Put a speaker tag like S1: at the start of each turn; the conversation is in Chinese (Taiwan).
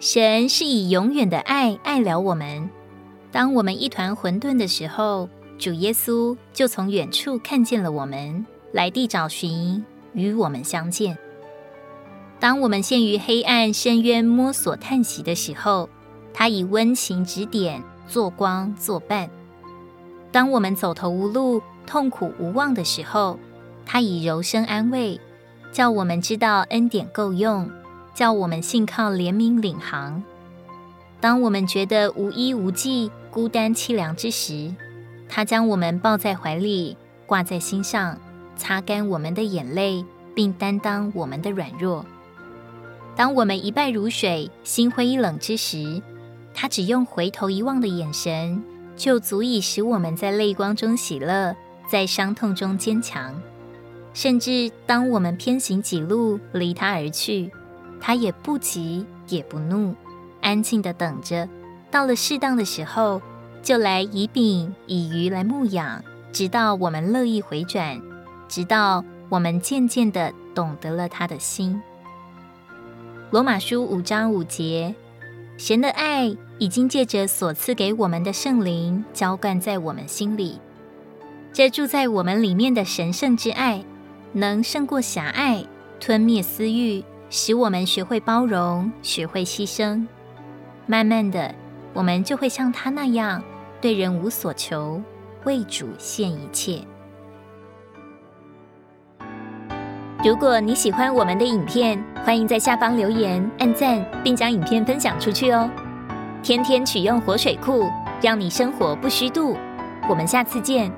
S1: 神是以永遠的愛愛了我們。當我們一團混沌的時候，主耶穌就從遠處看見了我們，來地找尋，與我們相見。當我們陷於黑暗深淵摸索嘆息的時候，他以溫情指點，做光作伴。當我們走投無路、痛苦無望的時候，他以柔聲安慰，叫我們知道恩典夠用。叫我們信靠憐憫領航。當我們覺得無依無計、孤單淒涼之時，他將我們抱在懷裡，掛在心上，擦乾我們的眼淚，並擔當我們的軟弱。當我們一敗如水、心灰意冷之時，他只用回頭一望的眼神，就足以使我們在淚光中喜樂，在傷痛中堅強。甚至當我們偏行己路，離他而去。他也不急也不怒，安靜地等着，到了適當的時候，就來以餅以魚來牧養，直到我們樂意回轉，直到我們漸漸地懂得了他的心。羅馬書五章五節，神的愛已經借着所賜給我們的聖靈澆灌在我們心裡，這住在我們裡面的神聖之愛，能勝過狹隘，吞滅私欲。使我們學會包容，學會犧牲，慢慢的，我們就會像他那樣，對人無所求，為主獻一切。如果你喜歡我們的影片，歡迎在下方留言、按讚，並將影片分享出去哦。天天取用活水庫，讓你生活不虛度。我們下次見。